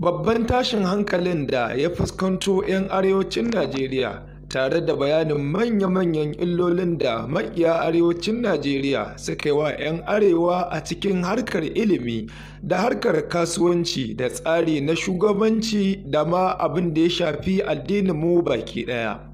Babban tashin hankalin da ya fuskanto 'yan arewacin Najeriya tare da bayanin manya-manyan illolin da makiya arewacin Najeriya suka yi wa 'yan arewa a cikin harkar ilimi da harkar kasuwanci da tsari na shugabanci da ma abin da ya shafi addinin mu baki ɗaya.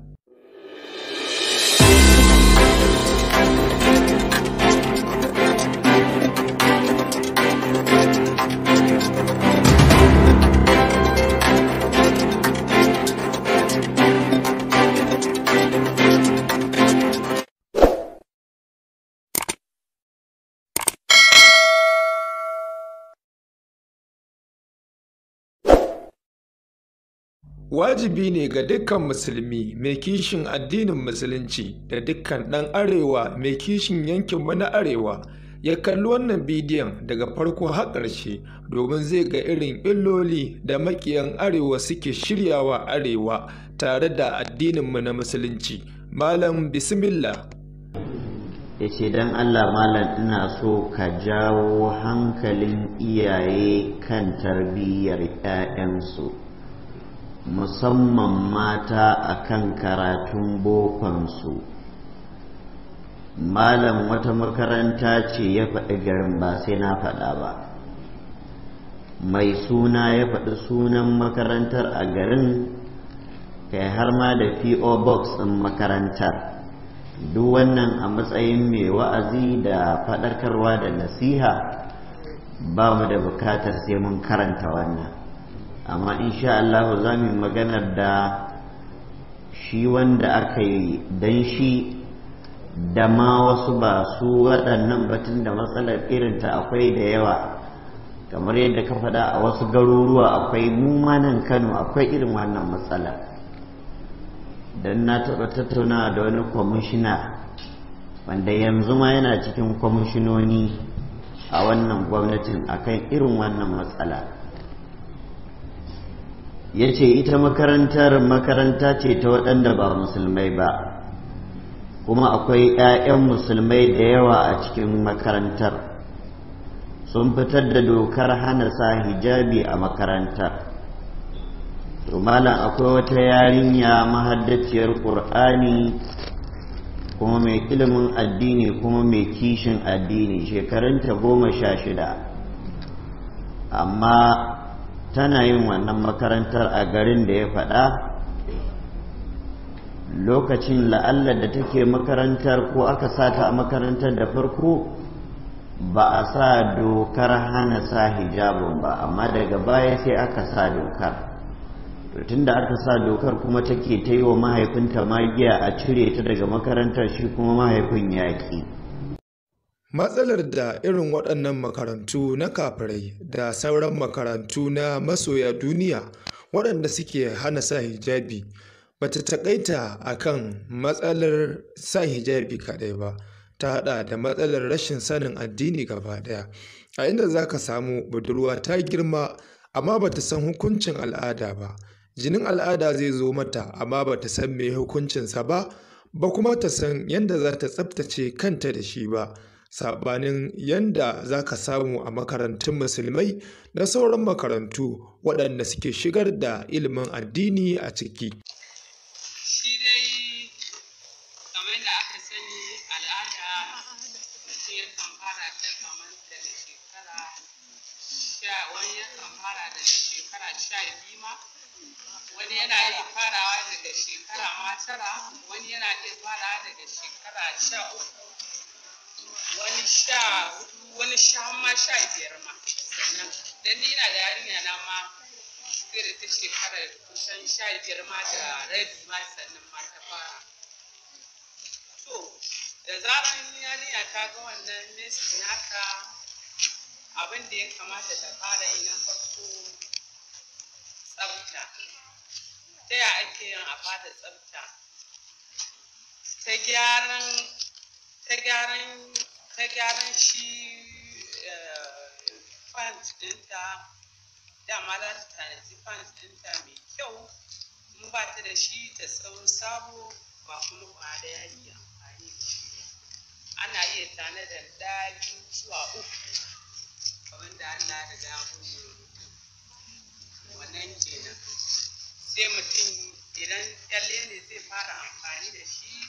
wajibi ne ga dukkan musulmi mai kishin addinin musulunci da dukkan ɗan arewa mai kishin yankinmu na arewa ya kalli wannan bidiyon daga farko har ƙarshe domin zai ga irin illoli da makiyan arewa suke shiryawa arewa tare da addininmu na musulunci malam bismillah ya ce don allah malam ina so ka jawo hankalin iyaye kan tarbiyyar 'ya'yansu musamman mata a kan karatun bokonsu malam wata makaranta ce ya faɗi garin ba sai na faɗa ba mai suna ya faɗi sunan makarantar a garin kai har ma da po box ɗin makarantar duk wannan a matsayin mai wa'azi da faɗakarwa da nasiha ba mu da bukatar sai mun karanta wannan amma insha Allah za mu magana da shi wanda aka yi dan shi da ma wasu ba su waɗannan batun da matsalar irinta akwai da yawa kamar yadda ka faɗa a wasu garuruwa akwai mu kano akwai irin wannan matsala don na taɓa tattauna da wani kwamishina wanda yanzu ma yana cikin kwamishinoni a wannan gwamnatin akan irin wannan matsala ya ce ita makarantar makaranta ce ta waɗanda ba musulmai ba kuma akwai 'ya'yan musulmai da yawa a cikin makarantar sun fitar da dokar hana sa hijabi a makarantar to malam akwai wata yarinya mahaddaciyar ƙur'ani kuma mai ilimin addini kuma mai kishin addini shekarunta goma sha shida amma tana yin wannan makarantar a garin da ya faɗa lokacin la'alla da take makarantar ko aka sata a makarantar da farko ba a sa dokar hana sa hijabin ba amma daga baya sai aka sa dokar tun da aka sa dokar kuma take ta yi wa mahaifinta magiya a cire ta daga makarantar shi kuma mahaifin yaƙi Matsalar da irin waɗannan makarantu na kafirai da sauran makarantu na masoya duniya waɗanda suke hana sa hijabi ba ta taƙaita a kan matsalar sa hijabi kaɗai ba, ta haɗa da matsalar rashin sanin addini gaba ɗaya, a inda za ka samu budurwa ta girma amma ba ta san hukuncin al'ada ba, jinin al'ada zai zo mata amma ba ta san me hukuncinsa ba, ba kuma ta san yadda za ta tsaftace kanta da shi ba. saɓanin yanda za ka samu a makarantun musulmai na sauran makarantu waɗanda suke shigar da ilimin addini a ciki. Shi dai da aka sani al'ada daga shekara ma tara wani yana iya farawa daga shekara sha uku wani sha hudu wani sha ma sha biyar ma sannan dan ni ina da yarinya na ma sai da ta shekara kusan sha biyar ma da rabi ma sannan ma ta fara to da zaran yarinya ta ga wannan nesi naka abin da ya kamata ta fara yi na farko tsafta ta ya ake yin a fata tsafta ta gyaran ta gyaran ta gyaran shi eh, fans ɗinta dama za ta tanaji fans ɗinta mai kyau in ba ta da shi ta sau sabo ba kuma ba da yaki amfani da shi ana iya da ɗaya zuwa uku kamar da Allah da gafu wannan kenan sai mutum idan kyalle ne zai fara amfani da shi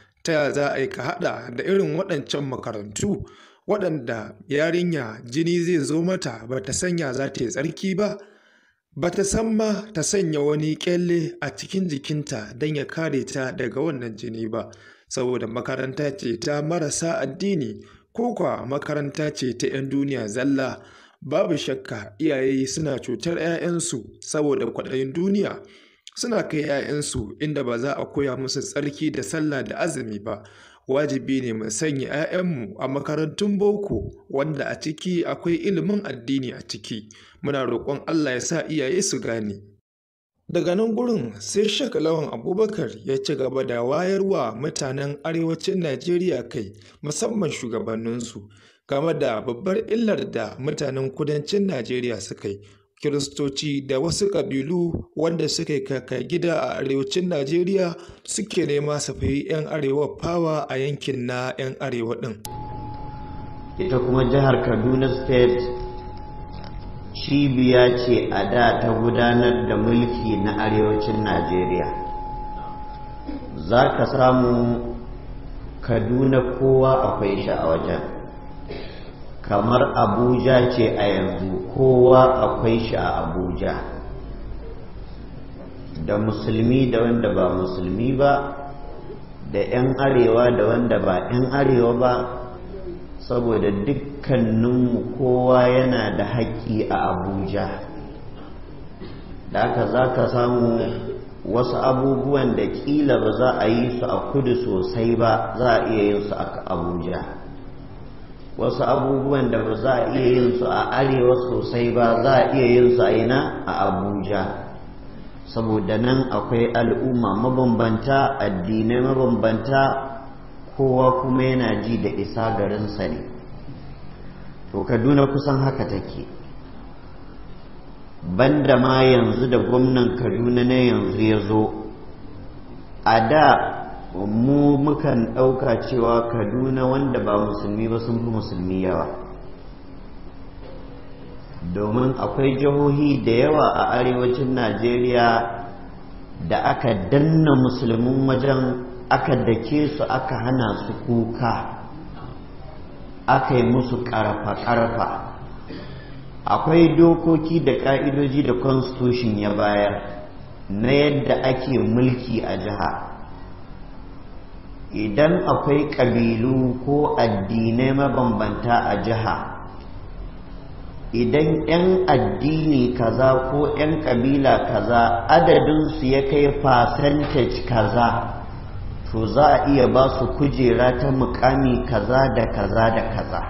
ta za a yi ka haɗa da irin waɗancan makarantu waɗanda yarinya jini zai zo mata ba ta sanya za ta yi tsarki ba ba ta san ma ta sanya wani ƙyalle a cikin jikinta don ya kare ta daga wannan jini ba saboda makaranta ce ta marasa addini ko kwa makaranta ce ta 'yan duniya zalla babu shakka iyaye suna cutar 'ya'yansu saboda kwaɗayin duniya suna kai 'ya'yansu inda ba za a koya musu tsarki da sallah da azumi ba wajibi ne mu sanya 'ya'yanmu a makarantun boko wanda a ciki akwai ilimin addini a ciki muna roƙon allah ya sa iyaye su gane daga nan gurin sai shek lawan abubakar ya ci gaba da wayarwa mutanen arewacin najeriya kai musamman shugabanninsu game da babbar illar da mutanen kudancin najeriya suka yi Kiristoci da wasu ƙabilu wanda suke kaka gida a arewacin Najeriya suke nema su fi 'yan arewa fawa a yankin na 'yan arewa ɗin. Ita kuma jihar Kaduna State cibiya ce a da ta gudanar da mulki na arewacin Najeriya. Za ka samu Kaduna kowa akwai shi a wajen. kamar abuja ce a yanzu kowa akwai shi a abuja da musulmi da wanda ba musulmi ba da 'yan arewa da wanda ba 'yan arewa ba saboda dukkaninmu kowa yana da haƙƙi a abuja da aka za ka samu wasu abubuwan da kila ba za a yi su a kudu sosai ba za a iya yin su a abuja wasu abubuwan da ba za a iya yin su a arewa sosai ba za a iya yin su a ina a abuja saboda nan akwai al'umma mabambanta addinai mabambanta kowa kuma yana ji da isa garinsa ne to kaduna kusan haka take banda ma yanzu da gwamnan kaduna na yanzu ya zo a da mu mukan ɗauka cewa kaduna wanda ba musulmi ba sun fi musulmi yawa domin akwai jihohi da yawa a arewacin najeriya da aka danna musulmin wajen aka dake su aka hana su kuka aka yi musu ƙarfa-ƙarfa akwai dokoki da ƙa'idoji da constitution ya bayar na yadda ake mulki a jiha idan akwai ƙabilu ko addinai mabambanta a jiha idan 'yan addini kaza ko 'yan ƙabila kaza adadinsu ya kai percentage kaza to za a iya ba su kujera ta mukami kaza da kaza da kaza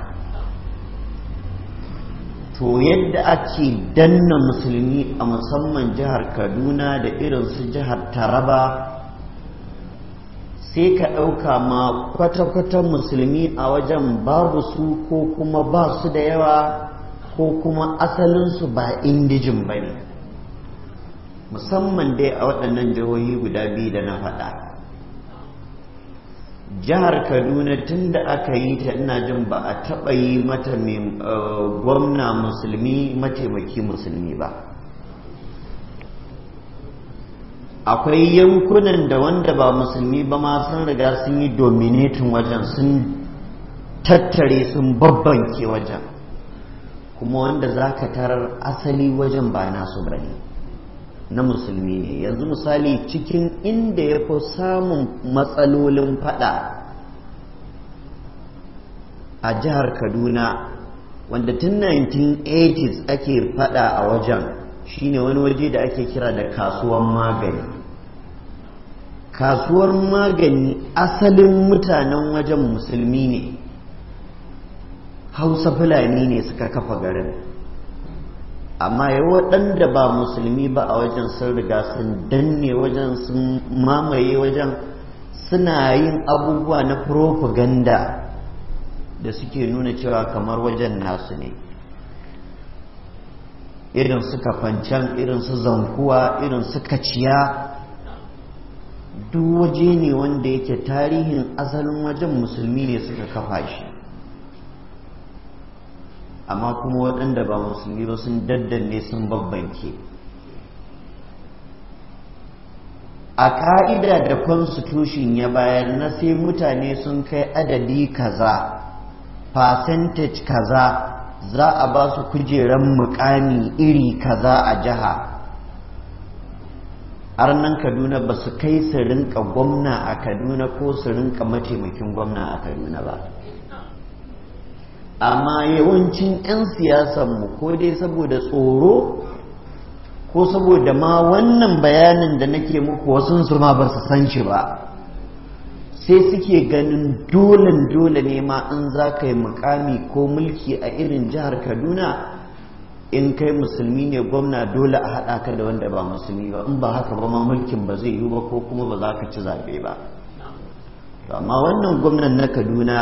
to yadda ake danna musulmi a musamman jihar kaduna da irin su jihar taraba sai ka ɗauka ma kwata-kwata musulmi a wajen babu su ko kuma ba su da yawa ko kuma asalinsu ba indijin ba ne musamman dai a waɗannan jihohi guda biyu da na faɗa jihar kaduna tun da aka yi ta ina jin ba a taɓa yi mata eh, gwamna musulmi mataimaki musulmi ba akwai yankunan da wanda ba musulmi ba ma sun riga sun yi dominatin wajen sun tattare sun babbanke wajen kuma wanda za ka tarar asali wajen ba nasu ba ne na musulmi ne yanzu misali cikin inda ya fi samun matsalolin fada a jihar kaduna wanda tun 1980s ake fada a wajen shine wani waje da ake kira da kasuwar magani kasuwar magani asalin mutanen wajen musulmi ne hausa fulani ne suka kafa garin amma ya waɗanda ba musulmi ba a wajen sun riga sun danne wajen sun mamaye wajen suna yin abubuwa na propaganda da suke nuna cewa kamar wajen nasu ne irin su kafancan irin su zankuwa irin su kaciya duk waje ne wanda yake tarihin asalin wajen musulmi ne suka kafa shi amma kuma waɗanda ba musulmi ba sun ne sun babbanke a ka'ida da constitution ya bayar na sai mutane sun kai adadi kaza percentage kaza za a ba su kujeran mukami iri kaza a jiha arnan kaduna ba su kai su rinka gwamna a kaduna ko su rinka mataimakin gwamna a kaduna ba amma yawancin 'yan siyasanmu ko dai saboda tsoro ko saboda ma wannan bayanin da nake muku wasu su ma ba su san shi ba sai suke ganin dolen dole ne ma in za ka yi mukami ko mulki a irin jihar kaduna in kai musulmi ne gwamna dole a haɗa ka da wanda ba musulmi ba in ba haka ba ma mulkin ba zai yi ba ko kuma ba za ka ci zaɓe ba amma wannan gwamnan na kaduna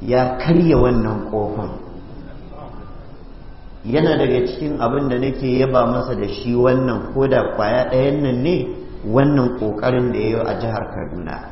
ya karya wannan kofin yana daga cikin abin da nake yaba masa da shi wannan ko da kwaya ɗayan nan ne wannan ƙoƙarin da ya yi a jihar kaduna